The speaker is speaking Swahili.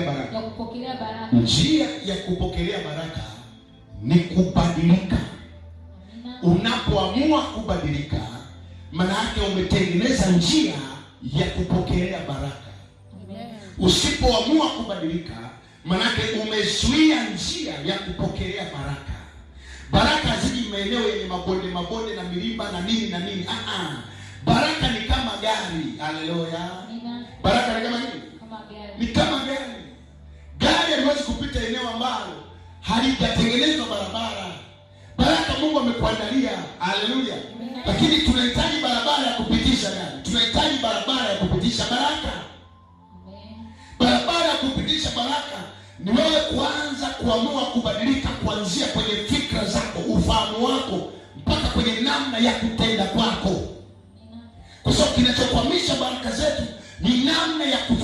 kupokelea baraka. Njia ya kupokelea baraka ni kubadilika. Unapoamua kubadilika, maana yake umetengeneza njia ya kupokelea baraka. Usipoamua kubadilika, maana yake umezuia njia ya kupokelea baraka. Baraka ziji maeneo yenye mabonde mabonde na milima na nini na nini. Ah ah. Baraka ni kama gari. Haleluya. Baraka ni kama nini? Kama gari. Ni kama halijatengenezwa barabara. Baraka Mungu amekuandalia, haleluya. Lakini tunahitaji barabara ya kupitisha gari, tunahitaji barabara ya kupitisha baraka. Barabara ya kupitisha baraka ni wewe kuanza kuamua kubadilika, kuanzia kwenye fikra zako, ufahamu wako, mpaka kwenye namna ya kutenda kwako, kwa sababu kinachokwamisha baraka zetu ni namna ya